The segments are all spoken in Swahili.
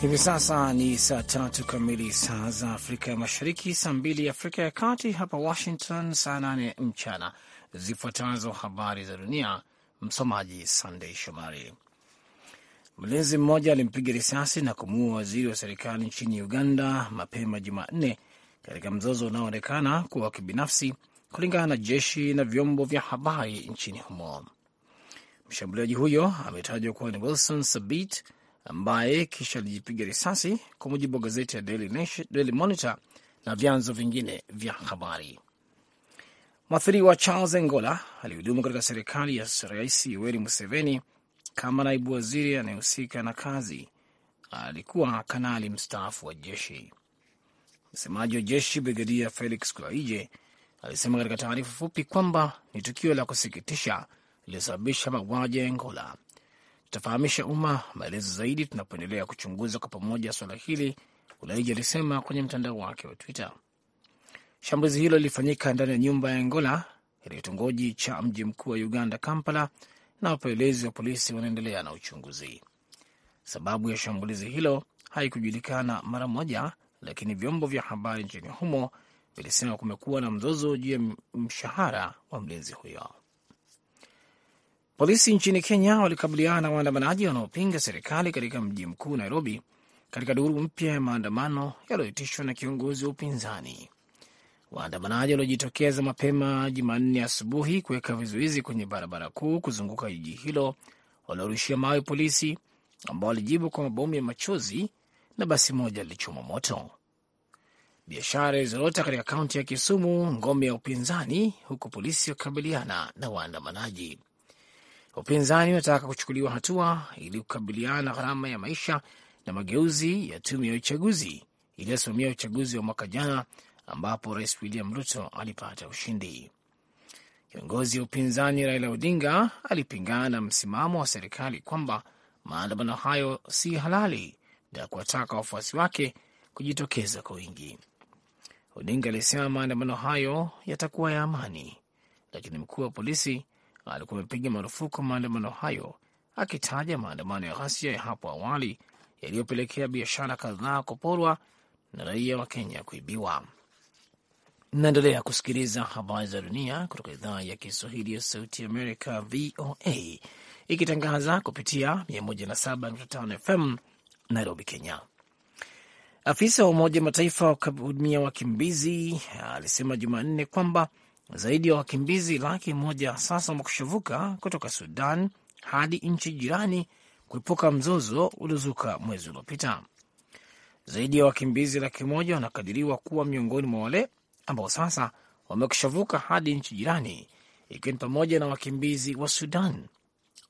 Hivi sasa ni saa tatu kamili saa za Afrika ya Mashariki, saa mbili Afrika ya Kati, hapa Washington saa nane mchana. Zifuatazo habari za dunia, msomaji Sandei Shomari. Mlinzi mmoja alimpiga risasi na kumuua waziri wa serikali nchini Uganda mapema Jumanne katika mzozo unaoonekana kuwa wa kibinafsi, kulingana na jeshi na vyombo vya habari nchini humo. Mshambuliaji huyo ametajwa kuwa ni Wilson Sabit ambaye kisha alijipiga risasi, kwa mujibu wa gazeti ya Daily Nation, Daily Monitor na vyanzo vingine vya habari. Mwathiriwa Charles Engola alihudumu katika serikali ya Rais Yoweri Museveni kama naibu waziri anayehusika na kazi. Alikuwa kanali mstaafu wa jeshi. Msemaji wa jeshi Brigadia Felix Kuaije alisema katika taarifa fupi kwamba ni tukio la kusikitisha lililosababisha mauaji ya Engola. Tutafahamisha umma maelezo zaidi tunapoendelea kuchunguza kwa pamoja swala hili, Ulaiji alisema kwenye mtandao wake wa Twitter. Shambulizi hilo lilifanyika ndani ya nyumba ya Angola katika kitongoji cha mji mkuu wa Uganda, Kampala, na wapelelezi wa polisi wanaendelea na uchunguzi. Sababu ya shambulizi hilo haikujulikana mara moja, lakini vyombo vya habari nchini humo vilisema kumekuwa na mzozo juu ya mshahara wa mlinzi huyo. Polisi nchini Kenya walikabiliana na waandamanaji wanaopinga serikali katika mji mkuu Nairobi, katika duru mpya ya maandamano yaliyoitishwa na kiongozi wa upinzani. Waandamanaji waliojitokeza mapema Jumanne asubuhi kuweka vizuizi kwenye barabara kuu kuzunguka jiji hilo waliorushia mawe polisi ambao walijibu kwa mabomu ya machozi na basi moja lilichoma moto. Biashara ilizorota katika kaunti ya Kisumu, ngome ya upinzani, huku polisi wakikabiliana na waandamanaji. Upinzani unataka kuchukuliwa hatua ili kukabiliana na gharama ya maisha na mageuzi ya tume ya uchaguzi iliyosimamia uchaguzi wa mwaka jana ambapo Rais William Ruto alipata ushindi. Kiongozi wa upinzani Raila Odinga alipingana na msimamo wa serikali kwamba maandamano hayo si halali na kuwataka wafuasi wake kujitokeza kwa wingi. Odinga alisema maandamano hayo yatakuwa ya amani, lakini mkuu wa polisi alikuwa amepiga marufuku maandamano hayo, akitaja maandamano ya ghasia ya hapo awali yaliyopelekea biashara kadhaa kuporwa na raia wa Kenya kuibiwa. Naendelea kusikiliza habari za dunia kutoka idhaa ya Kiswahili ya Sauti Amerika, VOA, ikitangaza kupitia 107.5 FM Nairobi, Kenya. Afisa wa Umoja Mataifa wa kuhudumia wakimbizi alisema Jumanne kwamba zaidi ya wakimbizi laki moja sasa wamekushavuka kutoka Sudan hadi nchi jirani kuepuka mzozo uliozuka mwezi uliopita. Zaidi ya wakimbizi laki moja wanakadiriwa kuwa miongoni mwa wale ambao sasa wamekushavuka hadi nchi jirani, ikiwa ni pamoja na wakimbizi wa Sudan.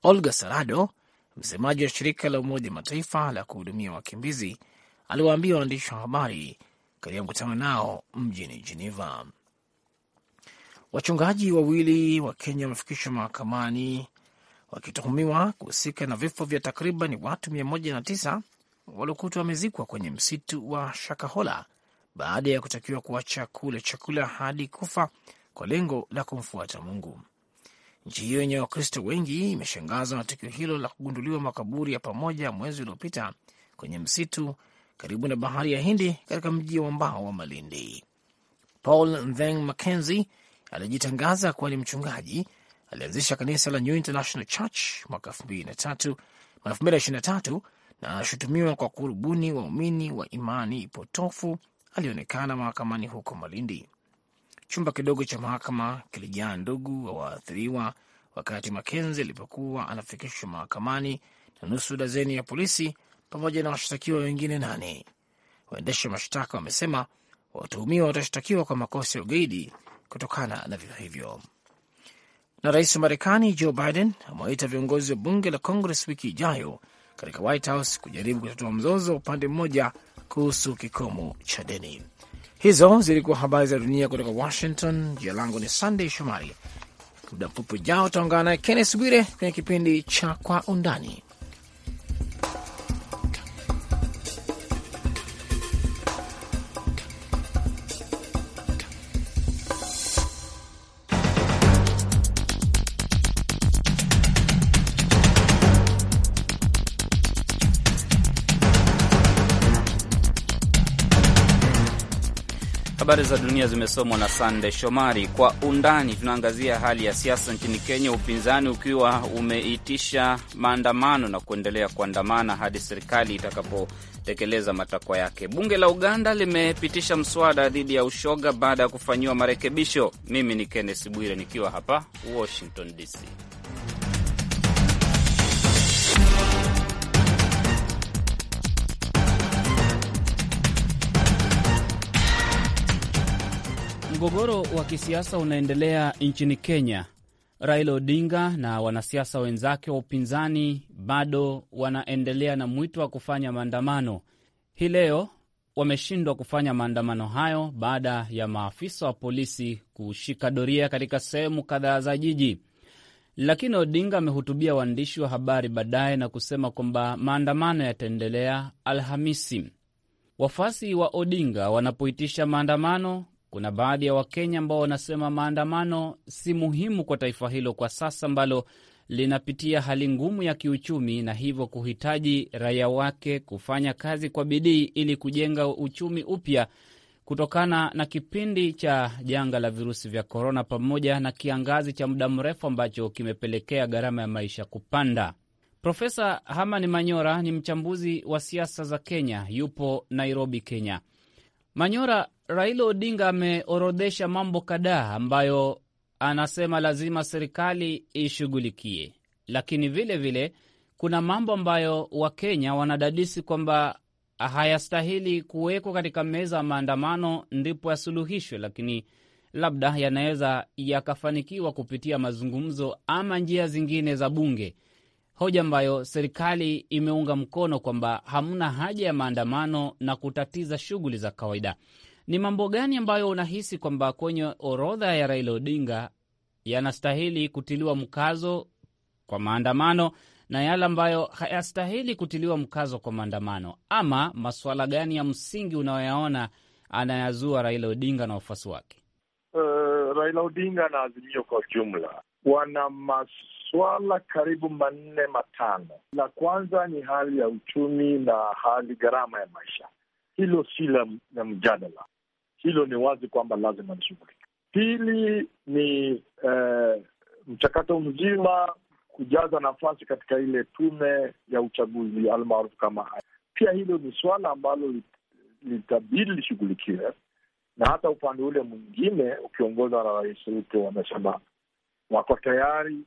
Olga Sarado, msemaji wa shirika la Umoja Mataifa la kuhudumia wakimbizi, aliwaambia waandishi wa habari katika mkutano nao mjini Geneva. Wachungaji wawili wa Kenya wamefikishwa mahakamani wakituhumiwa kuhusika na vifo vya takriban watu 109 waliokutwa wamezikwa kwenye msitu wa Shakahola baada ya kutakiwa kuacha kula chakula hadi kufa kwa lengo la kumfuata Mungu. Nchi hiyo yenye Wakristo wengi imeshangazwa na tukio hilo la kugunduliwa makaburi ya pamoja mwezi uliopita kwenye msitu karibu na bahari ya Hindi katika mji wa mbao wa Malindi. Paul Ntheng Mackenzie alijitangaza kuwa ni mchungaji. Alianzisha kanisa la New International Church mwaka 2023 na anashutumiwa kwa kurubuni waumini wa imani potofu. Alionekana mahakamani huko Malindi. Chumba kidogo cha mahakama kilijaa ndugu wa waathiriwa wakati Makenzi alipokuwa anafikishwa mahakamani na nusu dazeni ya polisi pamoja na washtakiwa wengine nane. Waendesha mashtaka wamesema watuhumiwa watashtakiwa kwa makosa ya ugaidi kutokana na vifo hivyo. Na rais wa Marekani Joe Biden amewaita viongozi wa bunge la Congress wiki ijayo katika White House kujaribu kutatua mzozo wa upande mmoja kuhusu kikomo cha deni. Hizo zilikuwa habari za dunia kutoka Washington. Jina langu ni Sunday Shomari. Muda mfupi ujao utaungana naye Kennes Bwire kwenye kipindi cha Kwa Undani. Habari za dunia zimesomwa na Sande Shomari. Kwa undani, tunaangazia hali ya siasa nchini Kenya, upinzani ukiwa umeitisha maandamano na kuendelea kuandamana hadi serikali itakapotekeleza matakwa yake. Bunge la Uganda limepitisha mswada dhidi ya ushoga baada ya kufanyiwa marekebisho. Mimi ni kennes Bwire nikiwa hapa Washington DC. Mgogoro wa kisiasa unaendelea nchini Kenya. Raila Odinga na wanasiasa wenzake wa upinzani bado wanaendelea na mwito wa kufanya maandamano. Hii leo wameshindwa kufanya maandamano hayo baada ya maafisa wa polisi kushika doria katika sehemu kadhaa za jiji. Lakini Odinga amehutubia waandishi wa habari baadaye na kusema kwamba maandamano yataendelea Alhamisi. Wafuasi wa Odinga wanapoitisha maandamano, kuna baadhi ya Wakenya ambao wanasema maandamano si muhimu kwa taifa hilo kwa sasa ambalo linapitia hali ngumu ya kiuchumi na hivyo kuhitaji raia wake kufanya kazi kwa bidii ili kujenga uchumi upya kutokana na kipindi cha janga la virusi vya korona pamoja na kiangazi cha muda mrefu ambacho kimepelekea gharama ya maisha kupanda. Profesa Hamani Manyora ni mchambuzi wa siasa za Kenya, yupo Nairobi, Kenya. Manyora, Raila Odinga ameorodhesha mambo kadhaa ambayo anasema lazima serikali ishughulikie, lakini vile vile kuna mambo ambayo Wakenya wanadadisi kwamba hayastahili kuwekwa katika meza ya maandamano ndipo yasuluhishwe, lakini labda yanaweza yakafanikiwa kupitia mazungumzo ama njia zingine za bunge hoja ambayo serikali imeunga mkono kwamba hamna haja ya maandamano na kutatiza shughuli za kawaida. Ni mambo gani ambayo unahisi kwamba kwenye orodha ya Raila Odinga yanastahili kutiliwa mkazo kwa maandamano na yale ambayo hayastahili kutiliwa mkazo kwa maandamano, ama masuala gani ya msingi unayoyaona anayazua Raila Odinga na wafuasi wake? Uh, Raila Odinga na Azimio kwa ujumla wana maswala karibu manne matano. La kwanza ni hali ya uchumi na hali gharama ya maisha. Hilo si la mjadala, hilo ni wazi kwamba lazima lishughulika. Pili ni eh, mchakato mzima kujaza nafasi katika ile tume ya uchaguzi almaarufu kama haya. Pia hilo ni swala ambalo litabidi lishughulikiwe, na hata upande ule mwingine ukiongozwa na Rais Ruto wamesema wako tayari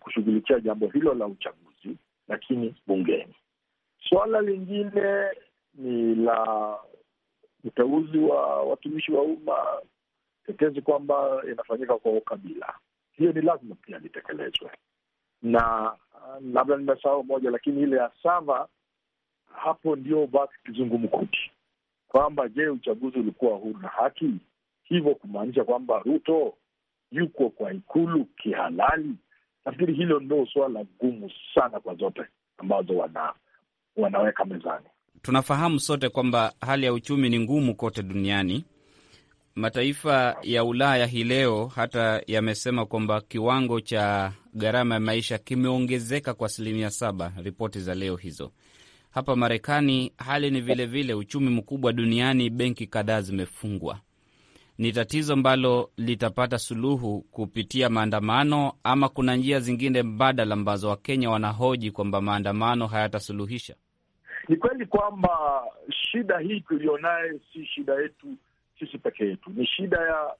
kushughulikia jambo hilo la uchaguzi, lakini bungeni. Suala lingine ni la uteuzi wa watumishi wa umma, tetezi kwamba inafanyika kwa ukabila. Hiyo ni lazima pia litekelezwe, na labda nimesahau moja, lakini ile ya sava hapo ndio basi kizungumkuti kwamba je, uchaguzi ulikuwa huru na haki? Hivyo kumaanisha kwamba Ruto yuko kwa ikulu kihalali? Nafikiri hilo ndo suala gumu sana kwa zote ambazo wana, wanaweka mezani. Tunafahamu sote kwamba hali ya uchumi ni ngumu kote duniani. Mataifa ya Ulaya hii leo hata yamesema kwamba kiwango cha gharama ya maisha kimeongezeka kwa asilimia saba, ripoti za leo hizo. Hapa Marekani hali ni vilevile vile, uchumi mkubwa duniani, benki kadhaa zimefungwa ni tatizo ambalo litapata suluhu kupitia maandamano ama kuna njia zingine mbadala ambazo Wakenya wanahoji kwamba maandamano hayatasuluhisha? Ni kweli kwamba shida hii tulionayo si shida yetu sisi peke yetu, ni shida ya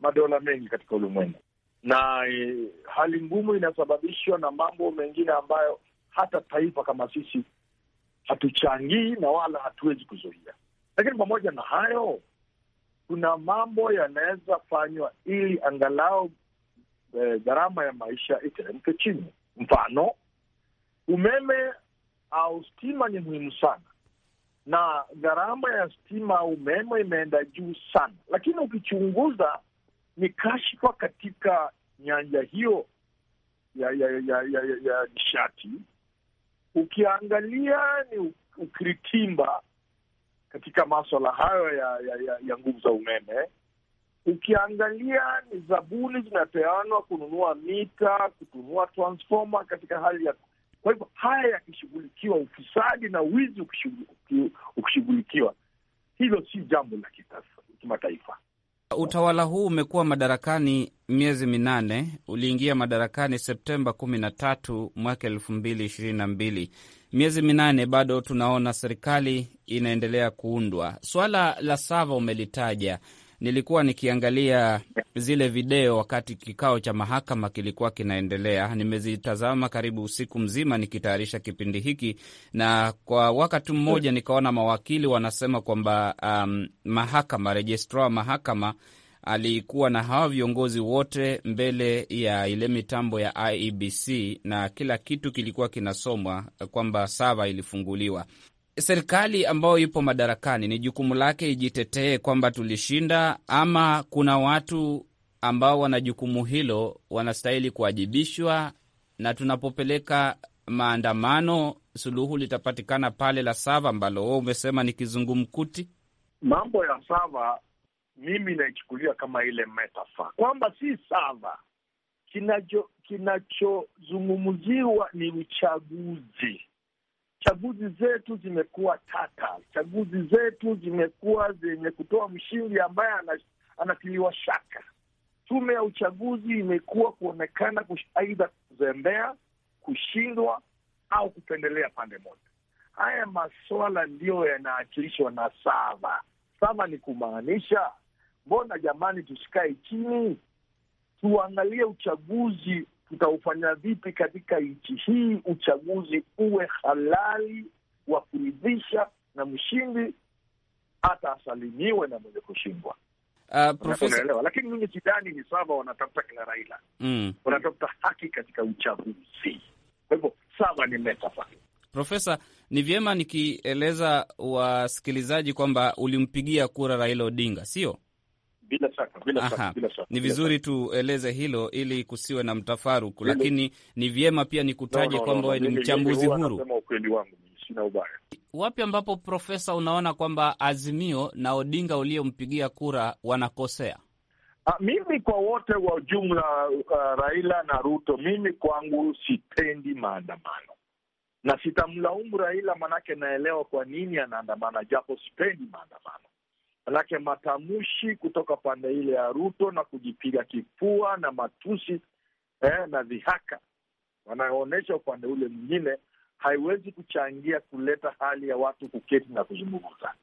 madola mengi katika ulimwengu, na e, hali ngumu inasababishwa na mambo mengine ambayo hata taifa kama sisi hatuchangii na wala hatuwezi kuzuia. Lakini pamoja na hayo kuna mambo yanaweza fanywa ili angalau eh, gharama e, ya maisha iteremke chini. Mfano, umeme au stima ni muhimu sana, na gharama ya stima au umeme imeenda juu sana, lakini ukichunguza ni kashfa katika nyanja hiyo ya ya ya ya ya nishati. Ukiangalia ni ukiritimba katika maswala hayo ya, ya, ya, ya nguvu za umeme. Ukiangalia ni zabuni zinapeanwa kununua mita, kununua transforma katika hali ya kwa hivyo haya yakishughulikiwa, ufisadi na wizi ukishughulikiwa, hilo si jambo la kimataifa. Utawala huu umekuwa madarakani miezi minane. Uliingia madarakani Septemba kumi na tatu mwaka elfu mbili. Miezi minane bado tunaona serikali inaendelea kuundwa. Swala la Sava umelitaja nilikuwa nikiangalia zile video wakati kikao cha mahakama kilikuwa kinaendelea. Nimezitazama karibu usiku mzima nikitayarisha kipindi hiki, na kwa wakati mmoja nikaona mawakili wanasema kwamba um, mahakama rejistra mahakama alikuwa na hawa viongozi wote mbele ya ile mitambo ya IEBC na kila kitu kilikuwa kinasomwa kwamba sava ilifunguliwa serikali ambayo ipo madarakani ni jukumu lake ijitetee kwamba tulishinda, ama kuna watu ambao wana jukumu hilo wanastahili kuwajibishwa? Na tunapopeleka maandamano, suluhu litapatikana pale la Sava ambalo wewe umesema ni kizungumkuti? Mambo ya Sava mimi naichukulia kama ile metafa kwamba si Sava kinachozungumziwa, ni uchaguzi chaguzi zetu zimekuwa tata, chaguzi zetu zimekuwa zenye kutoa mshindi ambaye anatiliwa shaka. Tume ya uchaguzi imekuwa kuonekana aidha kuzembea, kushindwa au kupendelea pande moja. Haya maswala ndiyo yanaakilishwa na saba saba. Ni kumaanisha mbona, jamani, tusikae chini tuangalie uchaguzi tutaufanya vipi katika nchi hii uchaguzi uwe halali wa kuridhisha, na mshindi hata asalimiwe na mwenye kushindwa. Uh, profesa... lakini mimi sidhani ni saba wanatafuta kila Raila mm. wanatafuta haki katika uchaguzi. Kwa hivyo saba ni metafa. Profesa, ni vyema nikieleza wasikilizaji kwamba ulimpigia kura Raila Odinga, sio? Bila shaka, bila shaka, bila shaka. Ni vizuri tueleze hilo ili kusiwe na mtafaruku, lakini ni vyema pia nikutaje no, no, kwamba wewe no, no, ni mchambuzi huru. Ukweli wangu sina ubaya. Wapi ambapo profesa, unaona kwamba Azimio na Odinga uliompigia kura wanakosea? A, ah, mimi kwa wote wa jumla uh, Raila na Ruto, mimi kwangu sipendi maandamano na sitamlaumu Raila, manake naelewa kwa nini anaandamana, japo sipendi maandamano manake matamshi kutoka pande ile ya Ruto na kujipiga kifua na matusi eh, na dhihaka wanayoonyesha upande ule mwingine haiwezi kuchangia kuleta hali ya watu kuketi na kuzungumza.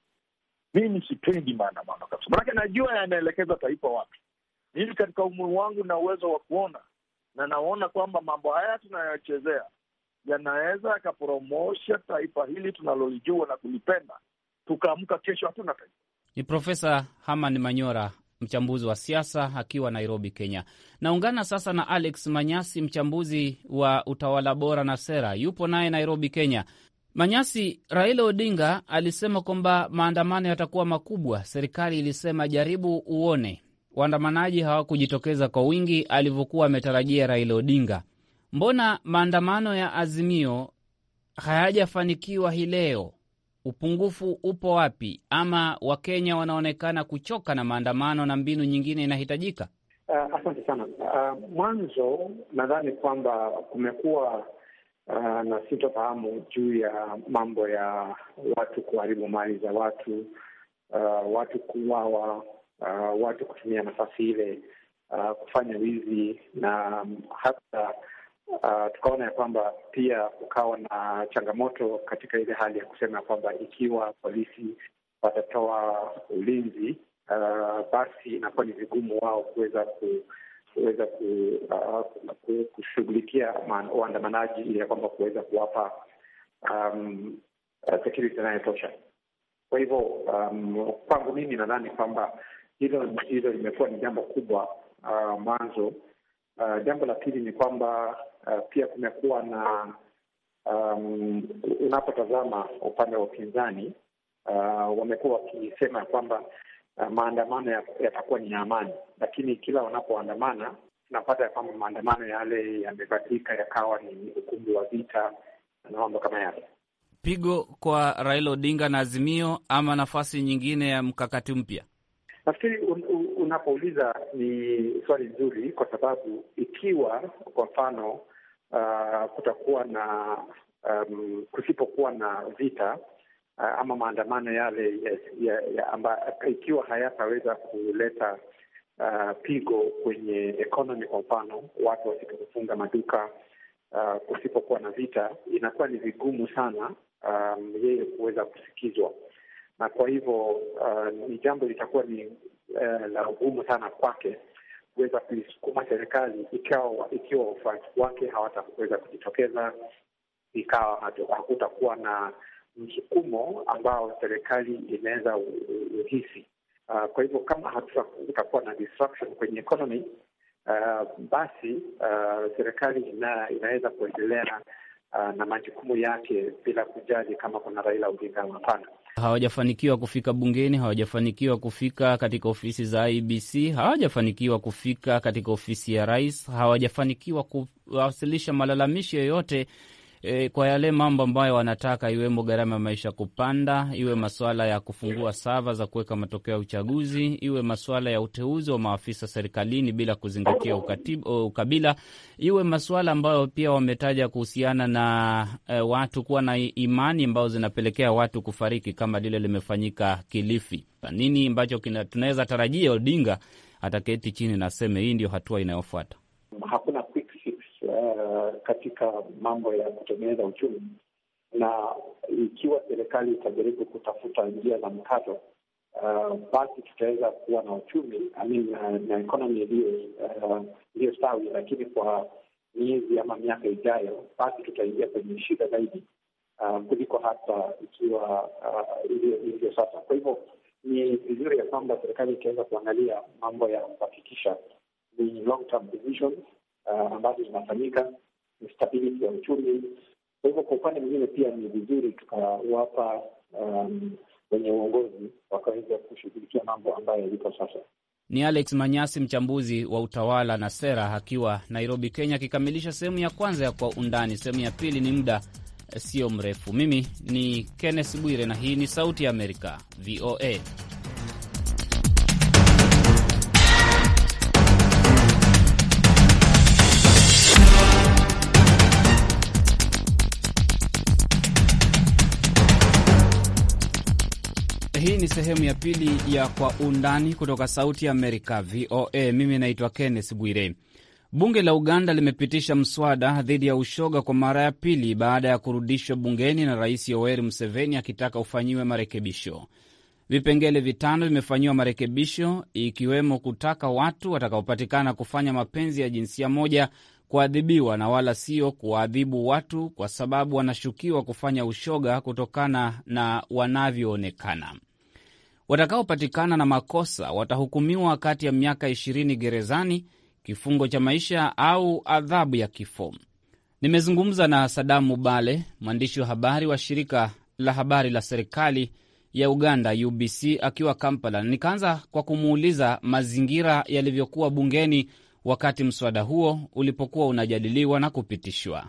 Mimi sipendi maandamano kabisa, manake najua yanaelekeza taifa wapi. Mimi katika umri wangu na uwezo wa kuona na naona kwamba mambo haya tunayochezea yanaweza yakaporomosha taifa hili tunalolijua na kulipenda, tukaamka kesho hatuna taifa. Ni Profesa Haman Manyora, mchambuzi wa siasa akiwa Nairobi, Kenya. Naungana sasa na Alex Manyasi, mchambuzi wa utawala bora na sera, yupo naye Nairobi, Kenya. Manyasi, Raila Odinga alisema kwamba maandamano yatakuwa makubwa. Serikali ilisema jaribu uone. Waandamanaji hawakujitokeza kwa wingi alivyokuwa ametarajia Raila Odinga. Mbona maandamano ya Azimio hayajafanikiwa hii leo? upungufu upo wapi, ama Wakenya wanaonekana kuchoka na maandamano na mbinu nyingine inahitajika? Uh, asante sana. Uh, mwanzo nadhani kwamba kumekuwa uh, na sintofahamu juu ya mambo ya watu kuharibu mali za watu, uh, watu kuuawa, uh, watu kutumia nafasi ile uh, kufanya wizi na hata uh, tukaona ya kwamba pia kukawa na changamoto katika ile hali ya kusema kwamba ikiwa polisi watatoa ulinzi uh, basi inakuwa ni vigumu wao kuweza ku kuweza ah, kushughulikia waandamanaji ili ya kwamba kuweza kuwapa um, security inayotosha. Kwa hivyo um, kwangu mimi nadhani kwamba hilo hilo limekuwa ni jambo kubwa uh, mwanzo. Uh, jambo la pili ni kwamba uh, pia kumekuwa na um, unapotazama upande wa upinzani uh, wamekuwa wakisema kwamba uh, maandamano yatakuwa ya ni ya amani, lakini kila wanapoandamana tunapata ya kwamba maandamano yale yamebadilika yakawa ni ukumbi wa vita na mambo kama yale. Pigo kwa Raila Odinga na Azimio ama nafasi nyingine ya mkakati mpya? Nafikiri un, un, unapouliza ni swali nzuri, kwa sababu ikiwa kwa mfano uh, kutakuwa na um, kusipokuwa na vita uh, ama maandamano yale yes, ya, ya amba, ikiwa hayataweza kuleta uh, pigo kwenye economy, kwa mfano watu wasipokufunga maduka uh, kusipokuwa na vita, inakuwa ni vigumu sana um, yeye kuweza kusikizwa na kwa hivyo uh, ni jambo litakuwa ni uh, la ugumu sana kwake kuweza kuisukuma serikali ikiwa, ikiwa wafuasi wake hawataweza kujitokeza, ikawa hakutakuwa na msukumo ambao serikali inaweza uhisi. Uh, kwa hivyo kama hatutakuwa na disruption kwenye economy uh, basi uh, serikali ina, inaweza kuendelea uh, na majukumu yake bila kujali kama kuna Raila Odinga hapana hawajafanikiwa kufika bungeni, hawajafanikiwa kufika katika ofisi za IBC, hawajafanikiwa kufika katika ofisi ya rais, hawajafanikiwa kuwasilisha malalamishi yoyote e, kwa yale mambo ambayo wanataka iwemo gharama ya maisha kupanda, iwe masuala ya kufungua sava za kuweka matokeo ya uchaguzi, iwe masuala ya uteuzi wa maafisa serikalini bila kuzingatia ukabila, iwe masuala ambayo pia wametaja kuhusiana na e, watu kuwa na imani ambazo zinapelekea watu kufariki kama lile limefanyika Kilifi. Nini ambacho tunaweza tarajia Odinga ataketi chini na aseme hii ndio hatua inayofuata? Eh, katika mambo ya kutengeneza uchumi, na ikiwa serikali itajaribu kutafuta njia za mkato uh, basi tutaweza kuwa na uchumi I mean, uh, na ekonomi iliyostawi uh, lakini kwa miezi ama miaka ijayo, basi tutaingia kwenye shida zaidi uh, kuliko hata ikiwa uh, ilivyo sasa. Kwa hivyo ni vizuri ya kwamba serikali itaweza kuangalia mambo ya kuhakikisha ni long term uh, ambazo zinafanyika stability ya uchumi. Kwa hivyo kwa upande mwingine pia ni vizuri tukawapa um, wenye uongozi wakaweza kushughulikia mambo ambayo yaliko sasa. Ni Alex Manyasi, mchambuzi wa utawala na sera, akiwa Nairobi, Kenya, akikamilisha sehemu ya kwanza ya Kwa Undani. Sehemu ya pili ni muda eh, sio mrefu. Mimi ni Kenneth Bwire na hii ni Sauti ya Amerika, VOA. Hii ni sehemu ya pili ya Kwa Undani kutoka Sauti ya Amerika, VOA. Mimi naitwa Kenneth Bwire. Bunge la Uganda limepitisha mswada dhidi ya ushoga kwa mara ya pili baada ya kurudishwa bungeni na Rais Yoweri Museveni akitaka ufanyiwe marekebisho. Vipengele vitano vimefanyiwa marekebisho, ikiwemo kutaka watu watakaopatikana kufanya mapenzi ya jinsia moja kuadhibiwa na wala sio kuwaadhibu watu kwa sababu wanashukiwa kufanya ushoga kutokana na wanavyoonekana. Watakaopatikana na makosa watahukumiwa kati ya miaka 20 gerezani, kifungo cha maisha au adhabu ya kifo. Nimezungumza na Sadamu Bale, mwandishi wa habari wa shirika la habari la serikali ya Uganda UBC akiwa Kampala. Nikaanza kwa kumuuliza mazingira yalivyokuwa bungeni wakati mswada huo ulipokuwa unajadiliwa na kupitishwa.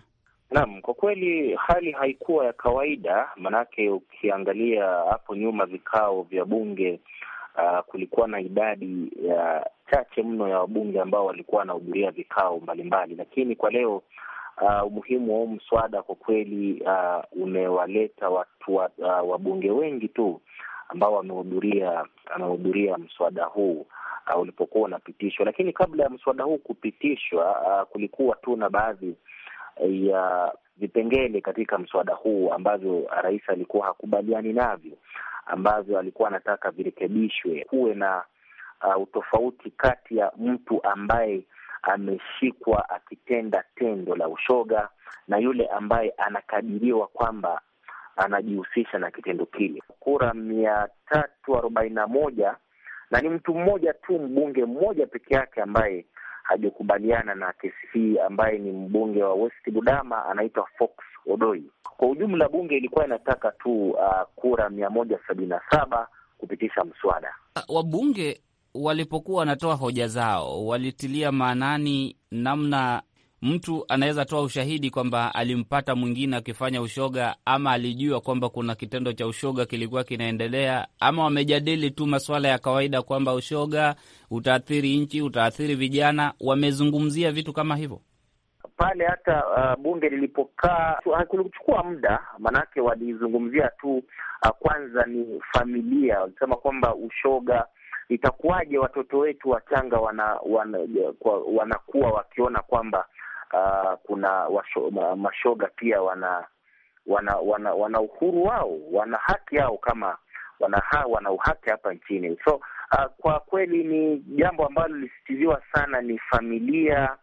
Naam, kwa kweli hali haikuwa ya kawaida, manake ukiangalia hapo nyuma vikao vya bunge Uh, kulikuwa na idadi ya uh, chache mno ya wabunge ambao walikuwa wanahudhuria vikao mbalimbali, lakini kwa leo uh, umuhimu wa huu mswada kwa kweli uh, umewaleta watu wa, uh, wabunge wengi tu ambao wamehudhuria amehudhuria mswada huu uh, ulipokuwa unapitishwa. Lakini kabla ya mswada huu kupitishwa, uh, kulikuwa tu na baadhi ya vipengele katika mswada huu ambavyo rais alikuwa hakubaliani navyo, ambavyo alikuwa anataka virekebishwe, kuwe na uh, utofauti kati ya mtu ambaye ameshikwa akitenda tendo la ushoga na yule ambaye anakadiriwa kwamba anajihusisha na kitendo kile. Kura mia tatu arobaini na moja na ni mtu mmoja tu, mbunge mmoja peke yake ambaye hajakubaliana na kesi hii, ambaye ni mbunge wa West Budama anaitwa Fox Odoi. Kwa ujumla, bunge ilikuwa inataka tu uh, kura mia moja sabini na saba kupitisha mswada. Uh, wabunge walipokuwa wanatoa hoja zao walitilia maanani namna mtu anaweza toa ushahidi kwamba alimpata mwingine akifanya ushoga, ama alijua kwamba kuna kitendo cha ushoga kilikuwa kinaendelea, ama wamejadili tu masuala ya kawaida kwamba ushoga utaathiri nchi, utaathiri vijana. Wamezungumzia vitu kama hivyo pale. Hata uh, bunge lilipokaa hakulichukua muda, maanake walizungumzia tu uh, kwanza ni familia. Walisema kwamba ushoga itakuwaje watoto wetu wachanga wana, wana, wanakuwa wakiona kwamba uh, kuna washo, ma, mashoga pia wana wana wana wana uhuru wao, wana haki yao kama wana wana uhaki hapa nchini. So uh, kwa kweli ni jambo ambalo lilisisitiziwa sana ni familia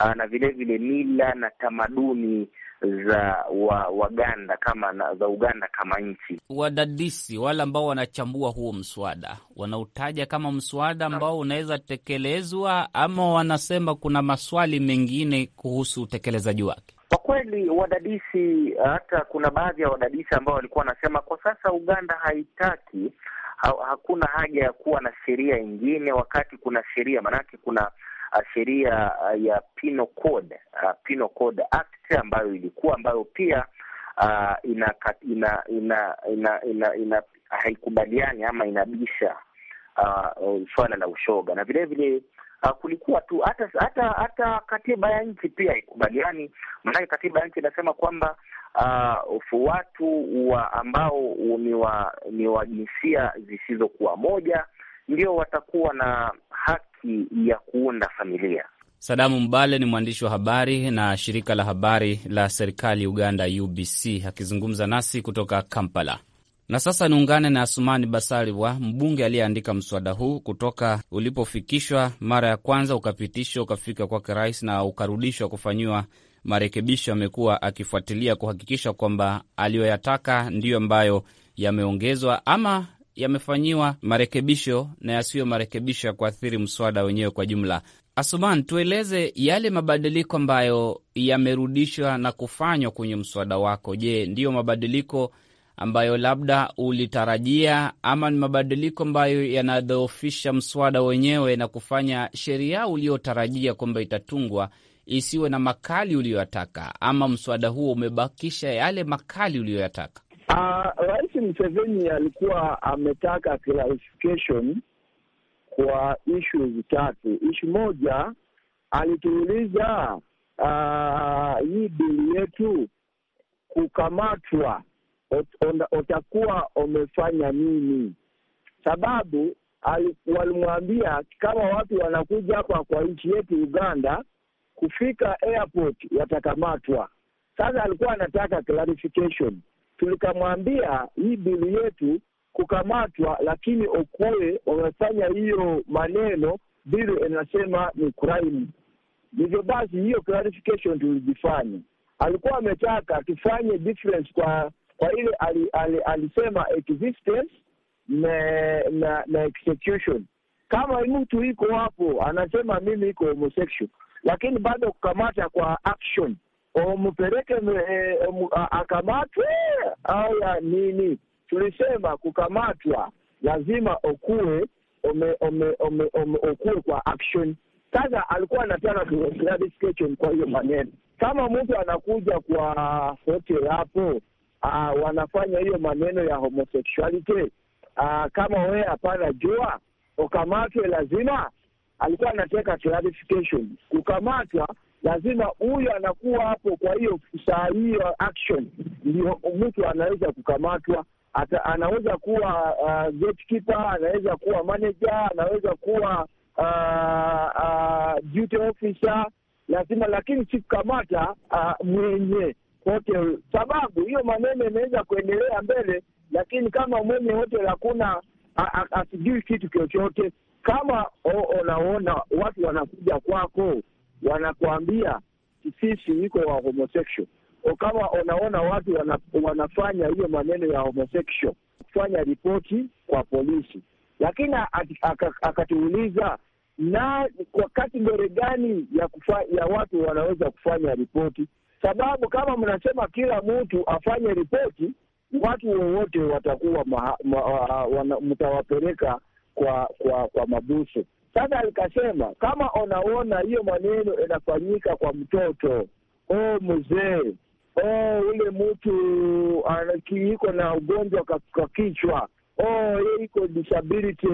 uh, na vilevile mila na tamaduni za wa, Waganda kama na, za Uganda kama nchi. Wadadisi wale ambao wanachambua huo mswada wanautaja kama mswada ambao unaweza tekelezwa, ama wanasema kuna maswali mengine kuhusu utekelezaji wake? Kwa kweli wadadisi, hata kuna baadhi ya wadadisi ambao walikuwa wanasema kwa sasa Uganda haitaki ha, hakuna haja ya kuwa na sheria ingine wakati kuna sheria, maanake kuna sheria uh, ya Penal Code, uh, Penal Code Act ambayo ilikuwa ambayo pia uh, ina, ina, ina, ina, ina, ina haikubaliani ama inabisha uh, swala la ushoga na vilevile Uh, kulikuwa tu hata hata hata katiba ya nchi pia haikubaliani. Maanake katiba ya nchi inasema kwamba uh, watu wa ambao ni wa ni wa jinsia zisizokuwa moja ndio watakuwa na haki ya kuunda familia. Sadamu Mbale ni mwandishi wa habari na shirika la habari la serikali Uganda UBC akizungumza nasi kutoka Kampala. Na sasa niungane na Asumani Basalirwa, mbunge aliyeandika mswada huu kutoka ulipofikishwa mara ya kwanza ukapitishwa ukafika kwake rais na ukarudishwa kufanyiwa marekebisho. Amekuwa akifuatilia kuhakikisha kwamba aliyoyataka ndiyo ambayo yameongezwa ama yamefanyiwa marekebisho na yasiyo marekebisho ya kuathiri mswada wenyewe kwa jumla. Asuman, tueleze yale mabadiliko ambayo yamerudishwa na kufanywa kwenye mswada wako. Je, ndiyo mabadiliko ambayo labda ulitarajia ama ni mabadiliko ambayo yanadhoofisha mswada wenyewe na kufanya sheria uliotarajia kwamba itatungwa isiwe na makali uliyoyataka, ama mswada huo umebakisha yale makali uliyoyataka? Uh, wakati Mseveni alikuwa ametaka clarification kwa ishu tatu. Ishu moja alituuliza uh, hii bili yetu kukamatwa utakuwa umefanya nini? Sababu walimwambia kama watu wanakuja hapa kwa nchi yetu Uganda, kufika airport watakamatwa. Sasa alikuwa anataka clarification tulikamwambia hii bili yetu kukamatwa, lakini okoe wamefanya hiyo maneno, bili inasema ni crime. Hivyo basi hiyo clarification tulijifanya Alikuwa ametaka tufanye difference kwa kwa ile ali, ali, alisema existence na, na, na execution. Kama mtu iko hapo anasema mimi iko homosexual, lakini bado kukamata kwa action umpeleke e, e, akamatwe au ya nini? Tulisema kukamatwa lazima ukuwe ukuwe kwa action. Sasa alikuwa anataka kwa hiyo maneno, kama mtu anakuja kwa hotel hapo Uh, wanafanya hiyo maneno ya homosexuality. uh, kama wewe hapana jua ukamatwe, lazima alikuwa anataka clarification. Kukamatwa lazima huyo anakuwa hapo. Kwa hiyo saa hiyo action ndio mtu anaweza kukamatwa. Ata, anaweza kuwa uh, gatekeeper, anaweza kuwa manager, anaweza kuwa uh, uh, duty officer lazima, lakini sikukamata uh, mwenye hotel, sababu hiyo maneno inaweza kuendelea mbele, lakini kama mwenye hotel hakuna asijui kitu chochote, kama unaona watu wanakuja kwako wanakuambia sisi iko wa homosexual o, kama unaona watu wana, wanafanya hiyo maneno ya homosexual, kufanya ripoti kwa polisi. Lakini akatuuliza na kwa kategori gani ya kufa, ya watu wanaweza kufanya ripoti, sababu kama mnasema kila mtu afanye ripoti, watu wowote watakuwa mtawapeleka kwa kwa kwa mabuso sasa alikasema kama unaona hiyo maneno inafanyika kwa mtoto o mzee o ule mtu iko na ugonjwa kwa kichwa o ye iko disability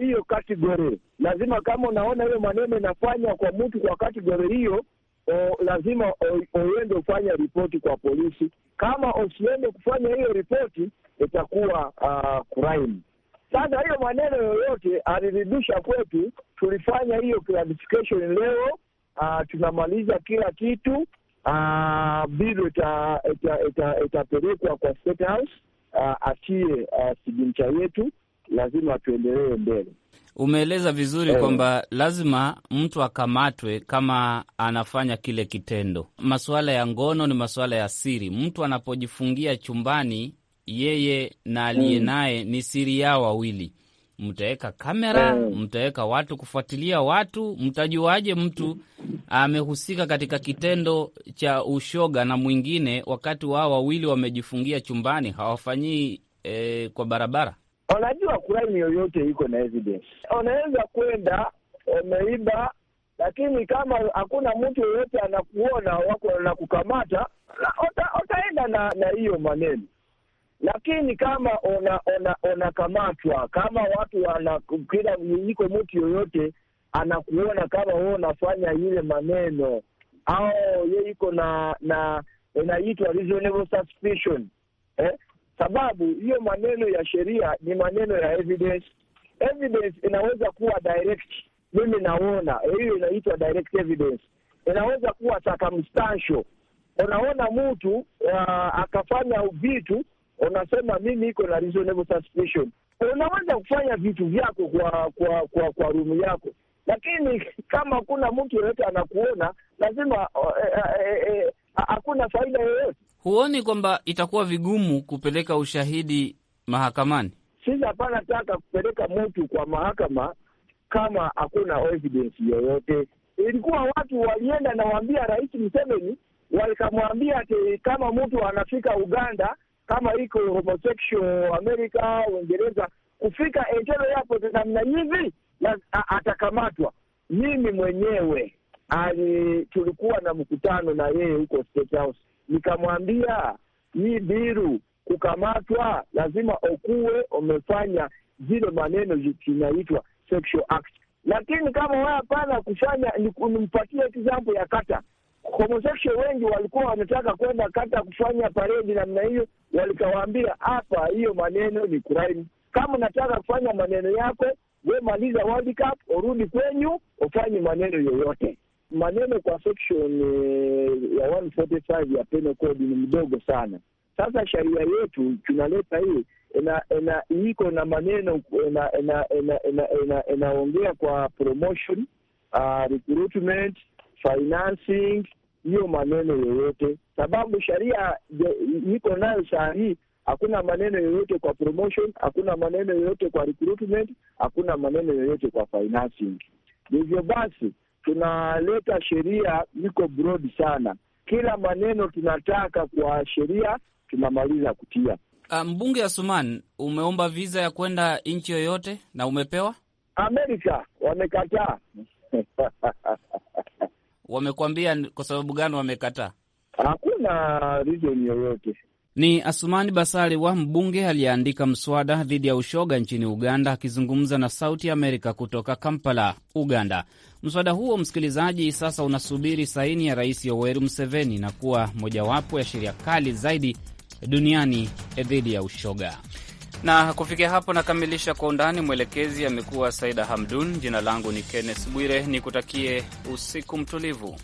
hiyo kategori lazima, kama unaona hiyo maneno inafanywa kwa mtu kwa kategori hiyo, lazima uende ufanya ripoti kwa polisi. Kama usiende kufanya hiyo ripoti, itakuwa uh, crime. Sasa hiyo maneno yoyote alirudisha kwetu, tulifanya hiyo clarification leo. Uh, tunamaliza kila kitu uh, bill itapelekwa kwa State House uh, ah, atie uh, signacha yetu, lazima tuendelee mbele. Umeeleza vizuri eh, kwamba lazima mtu akamatwe kama anafanya kile kitendo. Masuala ya ngono ni masuala ya siri. Mtu anapojifungia chumbani yeye na aliye mm. naye ni siri yao wawili. Mtaweka kamera, mm. mtaweka watu kufuatilia watu, mtajuaje mtu amehusika katika kitendo cha ushoga na mwingine, wakati wao wawili wamejifungia chumbani, hawafanyii eh, kwa barabara? Unajua, crime yoyote iko na evidence. Unaweza kwenda umeiba, lakini kama hakuna mtu yoyote anakuona wako anakukamata kukamata, utaenda na hiyo maneno lakini kama unakamatwa una, una kama watu wanakila iko mtu yoyote anakuona kama wewe unafanya ile maneno au ye iko na na inaitwa reasonable suspicion eh? Sababu hiyo maneno ya sheria ni maneno ya evidence. Evidence inaweza kuwa direct, mimi naona hiyo inaitwa direct evidence, inaweza kuwa circumstantial. Unaona mtu uh, akafanya vitu unasema mimi iko na reasonable suspicion. Unaweza kufanya vitu vyako kwa kwa kwa, kwa rumu yako, lakini kama kuna mtu yoyote anakuona lazima hakuna eh, eh, eh, eh faida yoyote. Huoni kwamba itakuwa vigumu kupeleka ushahidi mahakamani? Sisi hapana taka kupeleka mtu kwa mahakama kama hakuna evidence yoyote. Ilikuwa watu walienda nawambia Rais Museveni, walikamwambia ati kama mtu anafika Uganda kama iko homosexual Amerika, Uingereza, kufika entero yapo namna hivi, atakamatwa. Mimi mwenyewe ali, tulikuwa na mkutano na yeye huko State House, nikamwambia hii biru kukamatwa lazima okuwe umefanya zile maneno zinaitwa sexual act, lakini kama wao hapana kufanya, nimpatie example ya kata homosexual wengi walikuwa wanataka kwenda kata kufanya paredi namna hiyo, walikawaambia hapa, hiyo maneno ni crime. Kama unataka kufanya maneno yako we maliza World Cup, urudi kwenyu, ufanye maneno yoyote. Maneno kwa section eh, ya 145 ya penal code ni mdogo sana. Sasa sheria yetu tunaleta hii ina, ina, iko na maneno inaongea ina, ina, ina, ina, ina kwa promotion, uh, recruitment, financing hiyo maneno yoyote, sababu sheria iko nayo saa hii. Hakuna maneno yoyote kwa promotion, hakuna maneno yoyote kwa recruitment, hakuna maneno yoyote kwa financing. Hivyo basi tunaleta sheria iko broad sana, kila maneno tunataka kwa sheria tunamaliza kutia. Ah, mbunge ya Suman, umeomba visa ya kwenda nchi yoyote na umepewa? Amerika wamekataa wamekwambia kwa sababu gani wamekataa? Hakuna rizoni yoyote. Ni Asumani Basari wa mbunge aliyeandika mswada dhidi ya ushoga nchini Uganda, akizungumza na Sauti ya Amerika kutoka Kampala, Uganda. Mswada huo, msikilizaji, sasa unasubiri saini ya Rais Yoweri Museveni na kuwa mojawapo ya sheria kali zaidi duniani eh, dhidi ya ushoga. Na kufikia hapo nakamilisha kwa undani. Mwelekezi amekuwa Saida Hamdun. Jina langu ni Kenneth Bwire, nikutakie usiku mtulivu.